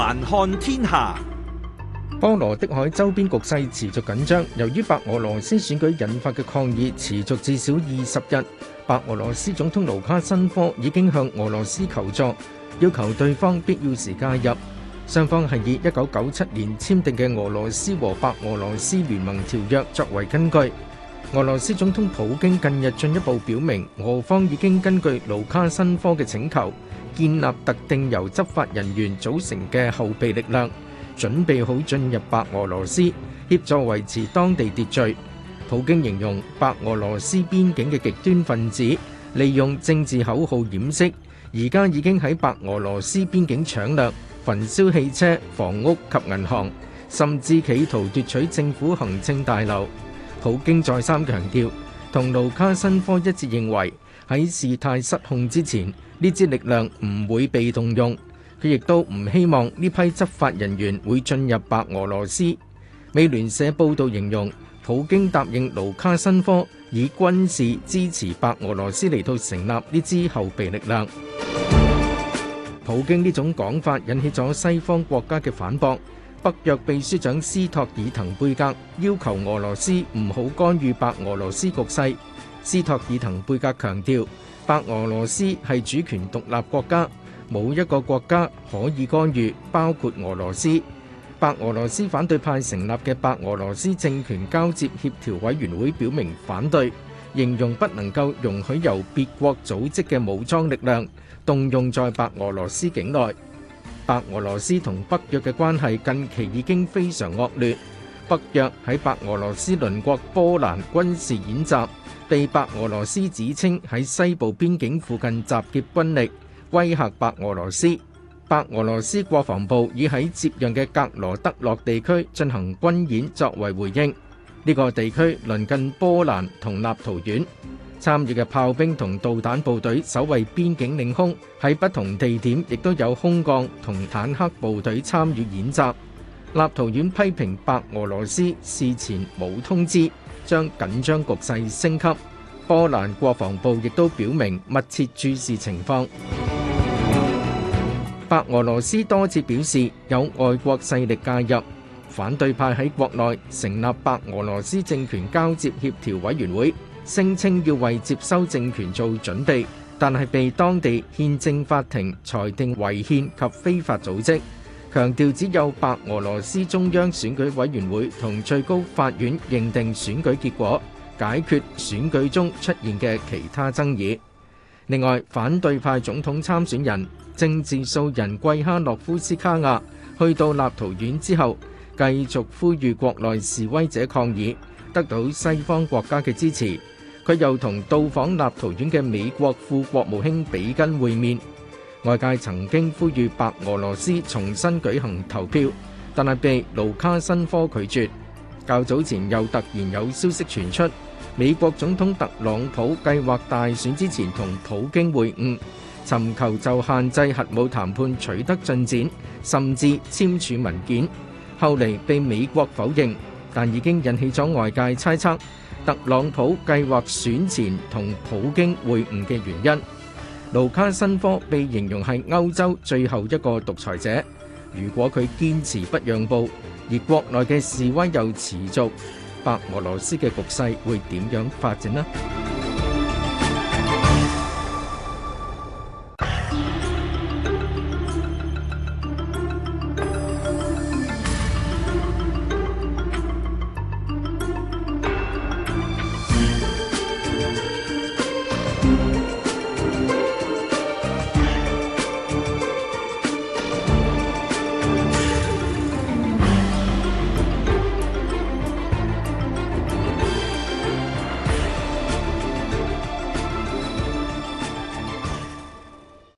環看天下，波羅的海周邊局勢持續緊張。由於白俄羅斯選舉引發嘅抗議持續至少二十日，白俄羅斯總統盧卡申科已經向俄羅斯求助，要求對方必要時加入。雙方係以一九九七年簽訂嘅俄羅斯和白俄羅斯聯盟條約作為根據。俄羅斯總統普京近日進一步表明，俄方已經根據盧卡申科嘅請求。建立特定由執法人員組成嘅後備力量，準備好進入白俄羅斯協助維持當地秩序。普京形容白俄羅斯邊境嘅極端分子利用政治口號掩飾，而家已經喺白俄羅斯邊境搶掠、焚燒汽車、房屋及銀行，甚至企圖奪取政府行政大樓。普京再三強調，同盧卡申科一致認為喺事態失控之前。呢支力量唔會被動用，佢亦都唔希望呢批執法人員會進入白俄羅斯。美聯社報導形容，普京答應盧卡申科以軍事支持白俄羅斯嚟到成立呢支後備力量。普京呢種講法引起咗西方國家嘅反駁。北約秘書長斯托爾滕貝格要求俄羅斯唔好干預白俄羅斯局勢。斯托爾滕貝格強調。白俄羅斯係主權獨立國家，冇一個國家可以干預，包括俄羅斯。白俄羅斯反對派成立嘅白俄羅斯政權交接協調委員會表明反對，形容不能夠容許由別國組織嘅武裝力量動用在白俄羅斯境內。白俄羅斯同北約嘅關係近期已經非常惡劣，北約喺白俄羅斯鄰國波蘭軍事演習。被白俄羅斯指稱喺西部邊境附近集結軍力威嚇白俄羅斯，白俄羅斯國防部已喺接壤嘅格羅德諾地區進行軍演作為回應。呢個地區鄰近波蘭同立陶宛，參與嘅炮兵同導彈部隊守衞邊境領空，喺不同地點亦都有空降同坦克部隊參與演習。立陶宛批評白俄羅斯事前冇通知，將緊張局勢升級。波蘭國防部亦都表明密切注視情況。白俄羅斯多次表示有外國勢力介入，反對派喺國內成立白俄羅斯政權交接協調委員會，聲稱要為接收政權做準備，但係被當地憲政法庭裁定違憲及非法組織。強調只有白俄羅斯中央選舉委員會同最高法院認定選舉結果，解決選舉中出現嘅其他爭議。另外，反對派總統參選人政治素人貴哈諾夫斯卡亞去到立陶宛之後，繼續呼籲國內示威者抗議，得到西方國家嘅支持。佢又同到訪立陶宛嘅美國副國務卿比根會面。外界曾經呼籲白俄羅斯重新舉行投票，但係被盧卡申科拒絕。較早前又突然有消息傳出，美國總統特朗普計劃大選之前同普京會晤，尋求就限制核武談判取得進展，甚至簽署文件。後嚟被美國否認，但已經引起咗外界猜測特朗普計劃選前同普京會晤嘅原因。盧卡申科被形容係歐洲最後一個獨裁者。如果佢堅持不讓步，而國內嘅示威又持續，白俄羅斯嘅局勢會點樣發展呢？